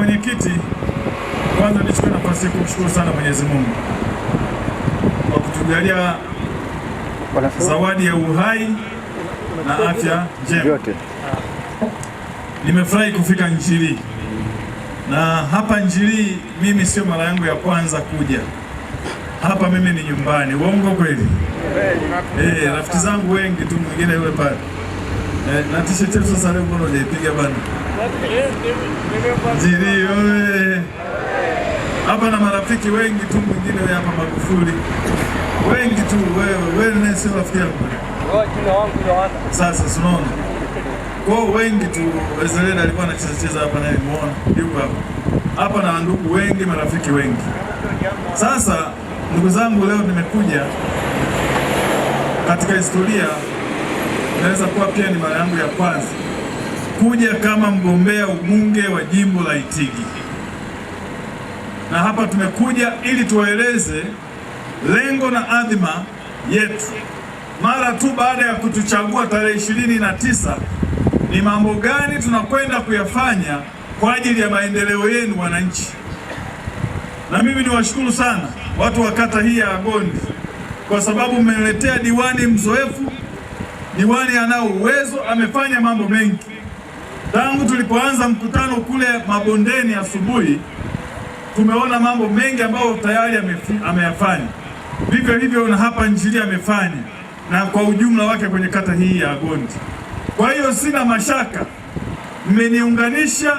mwenyekiti, kwanza nichukue nafasi hii kumshukuru sana Mwenyezi Mungu kwa kutujalia zawadi ya uhai na afya njema. Nimefurahi kufika Njilii na hapa Njilii, mimi sio mara yangu ya kwanza kuja hapa, mimi ni nyumbani. Uongo kweli? Eh, rafiki zangu wengi tu, mwingine yule pale Eh, na t-shirt yetu sasa leo mbona hujaipiga bana? Jiri eh, eh, eh. Hapa na marafiki wengi tu mwingine wewe hapa Magufuli. Wengi tu wewe, wewe ni sio rafiki yangu. Sasa unaona? Kwa wengi tu Ezra alikuwa anacheza cheza hapa naye muone. Yuko hapa. Hapa na ndugu wengi, marafiki wengi. Sasa ndugu zangu, leo nimekuja katika historia inaweza kuwa pia ni mara yangu ya kwanza kuja kama mgombea ubunge wa jimbo la Itigi, na hapa tumekuja ili tuwaeleze lengo na adhima yetu mara tu baada ya kutuchagua tarehe ishirini na tisa ni mambo gani tunakwenda kuyafanya kwa ajili ya maendeleo yenu wananchi. Na mimi niwashukuru sana watu wa kata hii ya Agondi kwa sababu mmeniletea diwani mzoefu Diwani anao uwezo, amefanya mambo mengi tangu tulipoanza mkutano kule mabondeni asubuhi. Tumeona mambo mengi ambayo tayari ameyafanya, vivyo hivyo na hapa Njili amefanya, na kwa ujumla wake kwenye kata hii ya Gondi. Kwa hiyo sina mashaka, mmeniunganisha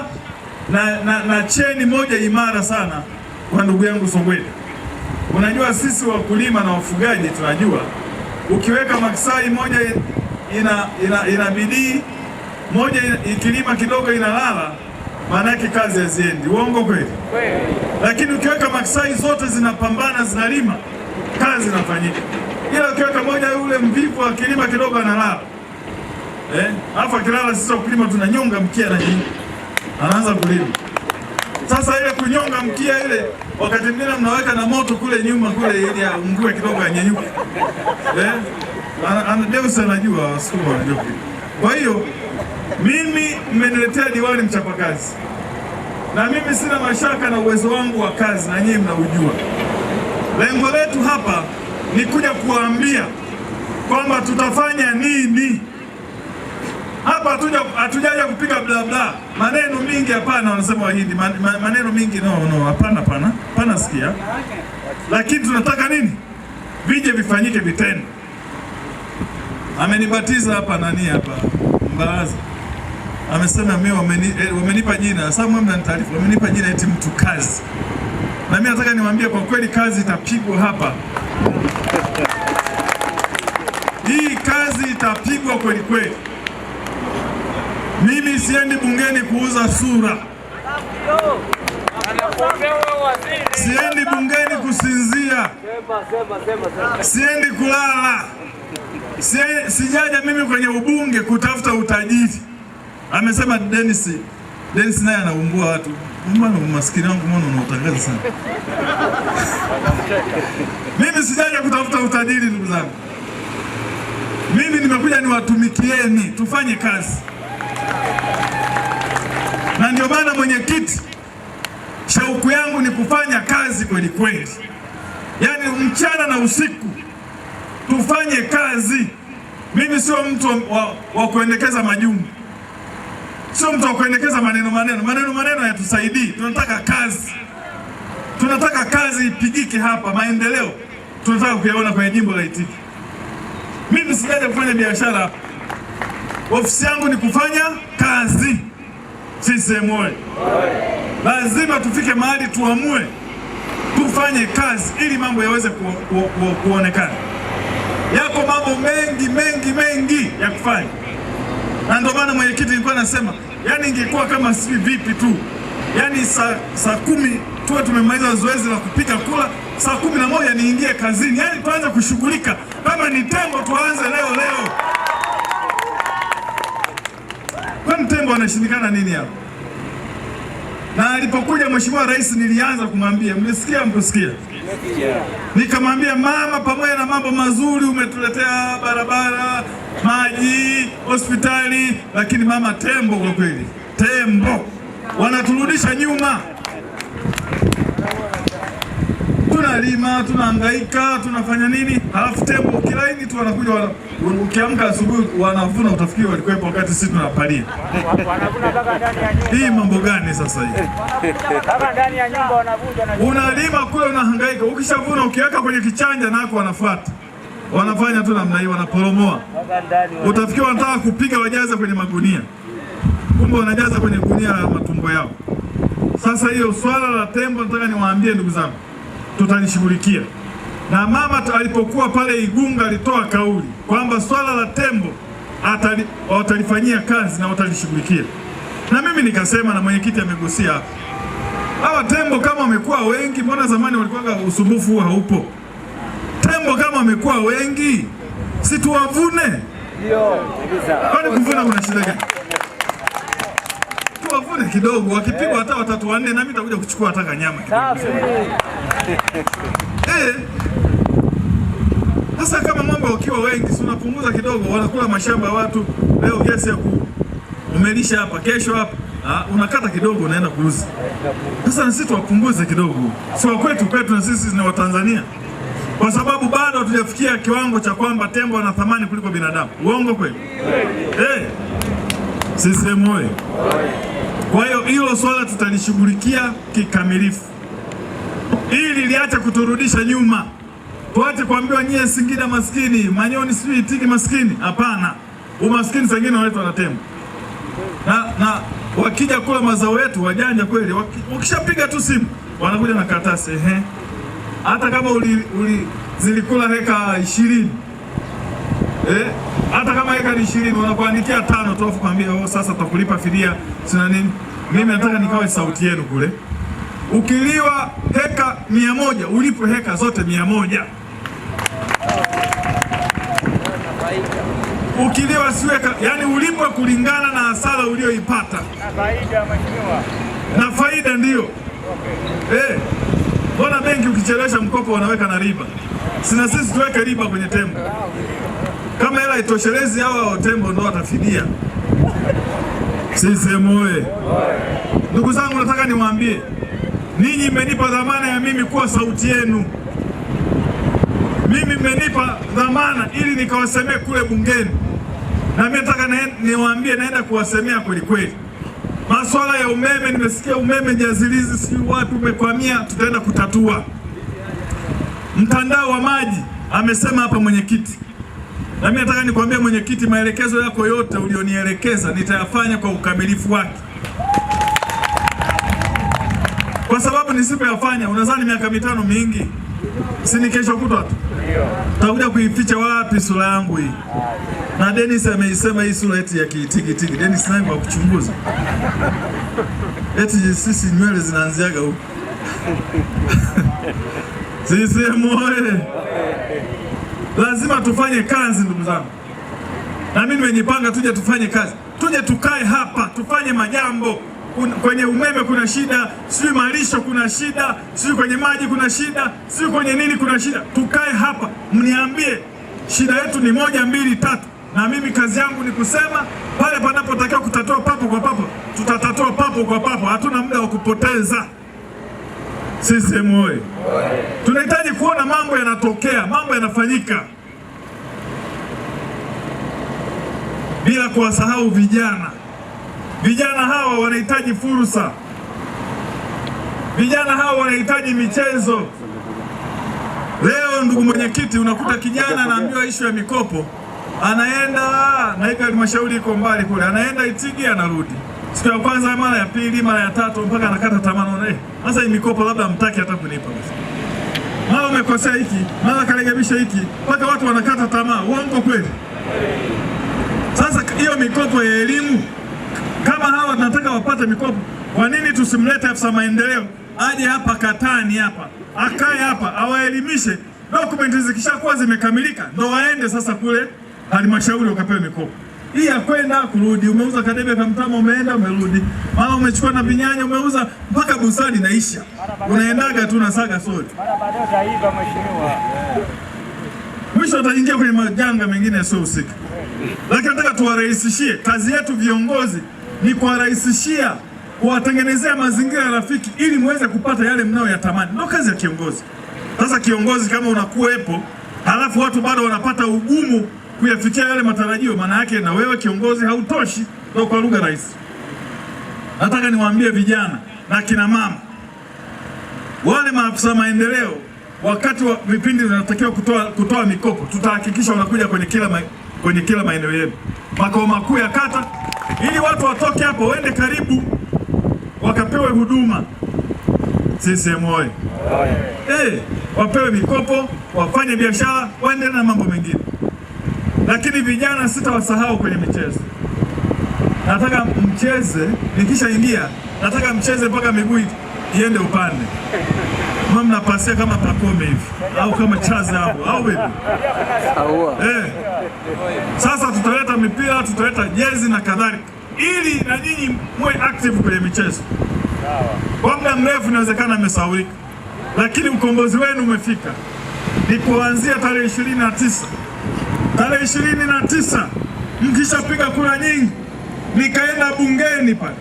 na, na, na cheni moja imara sana kwa ndugu yangu Songwele. Unajua sisi wakulima na wafugaji tunajua ukiweka maksai moja ina ina bidii moja ikilima kidogo inalala, maana yake kazi haziendi. Uongo kweli? Lakini ukiweka maksai zote zinapambana zinalima, kazi inafanyika, ila ukiweka moja yule mvivu akilima kidogo analala eh? Afu akilala sisi wakulima tunanyonga mkia na nyingi, anaanza kulima sasa. Ile kunyonga mkia ile wakati mwingine mnaweka na moto kule nyuma kule, ili aungue kidogo, anyanyuke eh? Davidson anajua Wasukuma wanajua Kwa hiyo mimi mmeniletea diwani mchapakazi, na mimi sina mashaka na uwezo wangu wa kazi, na nyinyi mnaujua. Lengo letu hapa ni kuja kuwaambia kwamba tutafanya nini hapa. Hatujaja kupiga bla bla maneno mingi, hapana. Wanasema Wahindi maneno mingi, no no, hapana, pana pana sikia. Lakini tunataka nini? Vije vifanyike vitendo amenibatiza hapa nani hapa Mbaazi, amesema mimi wameni, eh, wamenipa jina sasa, mimi mnanitaarifu wamenipa jina eti mtu kazi, na mimi nataka niwaambie kwa kweli kazi itapigwa hapa hii kazi itapigwa kweli kweli. Mimi siendi bungeni kuuza sura, siendi bungeni kusinzia, siendi kulala sijaja mimi kwenye ubunge kutafuta utajiri. Amesema Dennis, Dennis naye anaumbua watu. Mbona umaskini wangu mbona unautangaza sana? Mimi sijaja kutafuta utajiri ndugu zangu. Mimi nimekuja niwatumikieni, tufanye kazi. Na ndio maana mwenyekiti, shauku yangu ni kufanya kazi kweli kweli, yaani mchana na usiku tufanye kazi. Mimi sio mtu wa, wa kuendekeza majumbe, sio mtu wa kuendekeza maneno maneno maneno maneno yatusaidii. Tunataka kazi, tunataka kazi ipigike hapa. Maendeleo tunataka kuyaona kwenye jimbo la Itigi. Mimi sijaja kufanya biashara hapa, ofisi yangu ni kufanya kazi. CCM oyee! Lazima tufike mahali tuamue tufanye kazi ili mambo yaweze kuonekana. Yako mambo mengi mengi mengi ya kufanya, na ndio maana mwenyekiti nilikuwa nasema, yani ingekuwa kama si vipi tu, yani saa saa kumi tuwe tumemaliza zoezi la kupiga kura, saa kumi na moja niingie kazini, yani tuanze kushughulika. Kama ni tembo tuanze leo leo. Kwani tembo anashindikana nini hapo? Na alipokuja mheshimiwa rais, nilianza kumwambia, mmesikia mkusikia Nikamwambia mama, pamoja na mambo mazuri umetuletea barabara, maji, hospitali, lakini mama, tembo kwa kweli, tembo wanaturudisha nyuma. tunalima tunahangaika tunafanya nini, halafu tembo kilaini tu wanakuja wana, ukiamka asubuhi wanavuna, utafikiri walikuwepo wakati sisi tunapalia. Hii mambo gani sasa hii? Unalima kule unahangaika, ukishavuna ukiweka kwenye kichanja nako wanafuata wanafanya tu namna hii, wanaporomoa. Utafikiri wanataka kupiga wajaza kwenye magunia, kumbe wanajaza kwenye gunia ya matumbo yao. Sasa hiyo swala la tembo, nataka niwaambie ndugu zangu tutalishughulikia. Na mama alipokuwa pale Igunga alitoa kauli kwamba swala la tembo atali, watalifanyia kazi na watalishughulikia, na mimi nikasema, na mwenyekiti amegusia hapa, hawa tembo kama wamekuwa wengi, mbona zamani walikuwa usumbufu huu haupo? Tembo kama wamekuwa wengi, si tuwavune? Kwani kuvuna kuna shida gani? kidogo, wakipigwa eh. hata watatu wanne, nami nitakuja kuchukua hata kanyama kidogo. Eh, kama mambo wakiwa wengi, si unapunguza kidogo, wanakula mashamba ya watu leo, gesi ya kumelisha hapa, kesho hapa Uh, unakata kidogo unaenda kuuza. Sasa sisi tuwapunguze kidogo, si wa kwetu kwetu, na sisi ni Watanzania, kwa sababu bado hatujafikia kiwango cha kwamba tembo ana thamani kuliko binadamu. Uongo kweli? Hey, eh. sisi sehemu kwa hiyo hilo swala tutalishughulikia kikamilifu ili liache kuturudisha nyuma, tuache kuambiwa nyie Singida maskini, Manyoni sijui Itigi maskini. Hapana, umaskini sengine unaletwa na tembo na, na wakija kula mazao yetu wajanja kweli, wakishapiga tu simu wanakuja na karatasi ehe, hata kama uli, uli zilikula heka ishirini eh hata kama eka ni ishirini unakuandikia tano tu, afu oh, sasa tutakulipa fidia sina nini. Mimi nataka nikawe sauti yenu kule. Ukiliwa heka mia moja ulipo heka zote mia moja ukiliwa siweka, yani ulipo kulingana na hasara ulioipata na faida ndiyo. Okay. Eh, mbona benki ukichelesha mkopo wanaweka na riba? Sina sisi tuweke riba kwenye tembo. Kama hela itoshelezi, hawa tembo ndo watafidia. Sisemu oye! Ndugu zangu, nataka niwaambie ninyi, mmenipa dhamana ya mimi kuwa sauti yenu. Mimi mmenipa dhamana ili nikawasemee kule bungeni, na mimi nataka niwaambie, naenda kuwasemea kweli kweli. Masuala ya umeme, nimesikia umeme Jazilizi si watu umekwamia, tutaenda kutatua. Mtandao wa maji, amesema hapa mwenyekiti Nami nataka nikwambie mwenyekiti, maelekezo yako yote ulionielekeza nitayafanya kwa ukamilifu wake, kwa sababu nisipoyafanya, unadhani miaka mitano mingi sini kesho kutwa tu takuja kuificha wapi sura yangu hii? Na Dennis ameisema hii sura eti ya kiitikitiki. Dennis naye kwa kuchunguza, eti sisi nywele zinaanziaga huko sisi moye lazima tufanye kazi ndugu zangu, na mimi nimejipanga, tuje tufanye kazi, tuje tukae hapa tufanye majambo. Kwenye umeme kuna shida, sijui malisho kuna shida, sijui kwenye maji kuna shida, sijui kwenye nini kuna shida. Tukae hapa mniambie, shida yetu ni moja, mbili, tatu, na mimi kazi yangu ni kusema pale panapotakiwa kutatua papo kwa papo, tutatatua papo kwa papo. Hatuna muda wa kupoteza. CCM oye! Tunahitaji kuona mambo yanatokea, mambo yanafanyika, bila kuwasahau vijana. Vijana hawa wanahitaji fursa, vijana hawa wanahitaji michezo. Leo ndugu mwenyekiti, unakuta kijana anaambiwa ishu ya mikopo, anaenda na hivi, halmashauri iko mbali kule, anaenda Itigi anarudi siku ya kwanza, mara ya pili, mara ya tatu, mpaka anakata tamaa. Naona sasa eh, hii mikopo labda mtaki hata kunipa, mara umekosea hiki, mara karekebisha hiki, mpaka watu wanakata tamaa. Uongo kweli? Sasa hiyo mikopo ya elimu, kama hawa tunataka wapate mikopo, kwa nini tusimlete afisa maendeleo aje hapa Katani hapa akae hapa awaelimishe, dokumenti zikishakuwa zimekamilika ndo waende sasa kule halmashauri wakapewe mikopo hii ya kwenda kurudi, umeuza kadebe kamtama, umeenda umerudi, mara umechukua na vinyanya umeuza, mpaka busani naisha, unaendaga tu na saga sodi, mwisho utaingia kwenye majanga mengine yasiyohusika. Lakini nataka tuwarahisishie, kazi yetu viongozi ni kuwarahisishia, kuwatengenezea mazingira rafiki, ili muweze kupata yale mnayoyatamani. Ndio kazi ya kiongozi. Sasa kiongozi kama unakuwepo, halafu watu bado wanapata ugumu kuyafikia yale matarajio, maana yake na wewe kiongozi hautoshi. Ndio kwa lugha rahisi, nataka niwaambie vijana na kina mama, wale maafisa maendeleo, wakati wa vipindi vinatakiwa kutoa, kutoa mikopo, tutahakikisha wanakuja kwenye kila ma, kwenye kila maeneo yenu, makao makuu ya kata, ili watu watoke hapo waende karibu wakapewe huduma CCM oye! Hey, eh, wapewe mikopo, wafanye biashara, waendelee na mambo mengine lakini vijana sitawasahau kwenye michezo. Nataka mcheze, nikishaingia nataka mcheze mpaka miguu iende upande, ma mnapasia kama pakome hivi au kama chaza hapo au vipi? Eh, sasa tutaleta mipira, tutaleta jezi na kadhalika, ili na nyinyi muwe active kwenye michezo. Kwa muda mrefu inawezekana amesaurika lakini ukombozi wenu umefika, ni kuanzia tarehe ishirini na tisa tarehe ishirini na tisa mkishapiga kura nyingi, nikaenda bungeni pale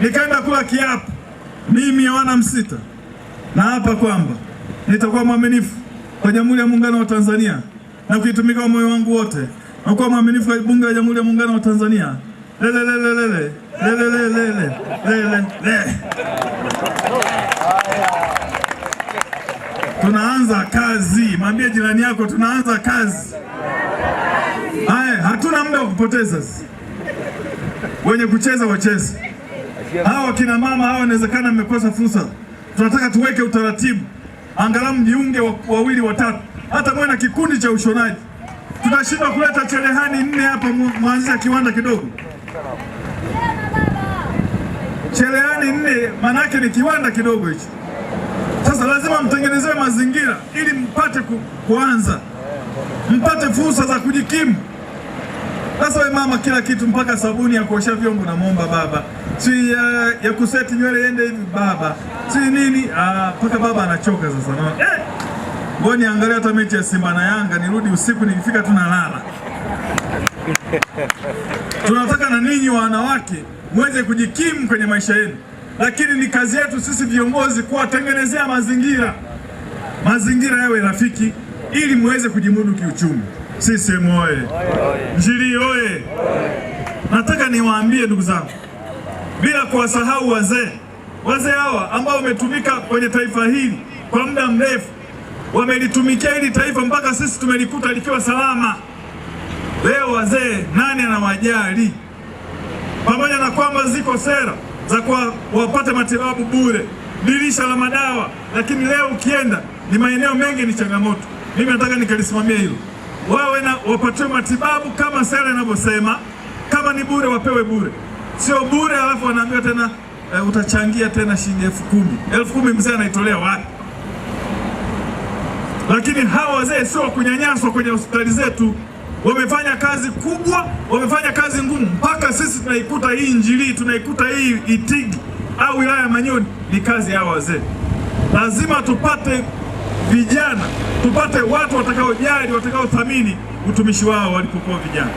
nikaenda kula kiapo mimi Yohana Msita na hapa kwamba nitakuwa mwaminifu kwa Jamhuri ya Muungano wa Tanzania na kuitumika moyo wangu wote na kuwa mwaminifu kwa Bunge la Jamhuri ya Muungano wa Tanzania Tunaanza kazi, mwambie jirani yako tunaanza kazi. Haya, hatuna muda wa kupoteza Wenye kucheza wacheze. Hawa wakina mama hawa inawezekana mmekosa fursa. Tunataka tuweke utaratibu, angalau mjiunge wawili watatu, hata mwe na kikundi cha ushonaji. Tunashindwa kuleta cherehani nne hapa, mwanzisha kiwanda kidogo. Cherehani nne maanake ni kiwanda kidogo hicho. Sasa lazima mtengenezewe mazingira ili mpate ku, kuanza mpate fursa za kujikimu. Sasa we mama, kila kitu mpaka sabuni ya kuosha vyombo namwomba baba, si ya, uh, ya kuseti nywele ende hivi baba, si nini ah, mpaka baba anachoka sasa na, eh, ngoja niangalie hata mechi ya Simba na Yanga nirudi usiku nikifika tunalala. Tunataka na ninyi wanawake muweze kujikimu kwenye maisha yenu, lakini ni kazi yetu sisi viongozi kuwatengenezea mazingira, mazingira yawe rafiki ili muweze kujimudu kiuchumi. CCM oye! Njili oye! Nataka niwaambie ndugu zangu, bila kuwasahau wazee. Wazee hawa ambao wametumika kwenye taifa hili kwa muda mrefu, wamelitumikia hili taifa mpaka sisi tumelikuta likiwa salama. Leo wazee nani anawajali? Pamoja na kwamba ziko sera za kuwa wapate matibabu bure, dirisha la madawa, lakini leo ukienda ni maeneo mengi ni changamoto mimi nataka nikalisimamia hilo, wawe na wapatiwe matibabu kama sera inavyosema. Kama ni bure, wapewe bure, sio bure alafu wanaambiwa tena e, utachangia tena shilingi elfu kumi. Elfu kumi mzee anaitolea wapi? Lakini hawa wazee sio kunyanyaswa kwenye hospitali zetu. Wamefanya kazi kubwa, wamefanya kazi ngumu, mpaka sisi tunaikuta hii Injili, tunaikuta hii Itigi au wilaya ya Manyoni, ni kazi ya wazee. Lazima tupate vijana, tupate watu watakaojali, watakaothamini utumishi wao walipokuwa vijana.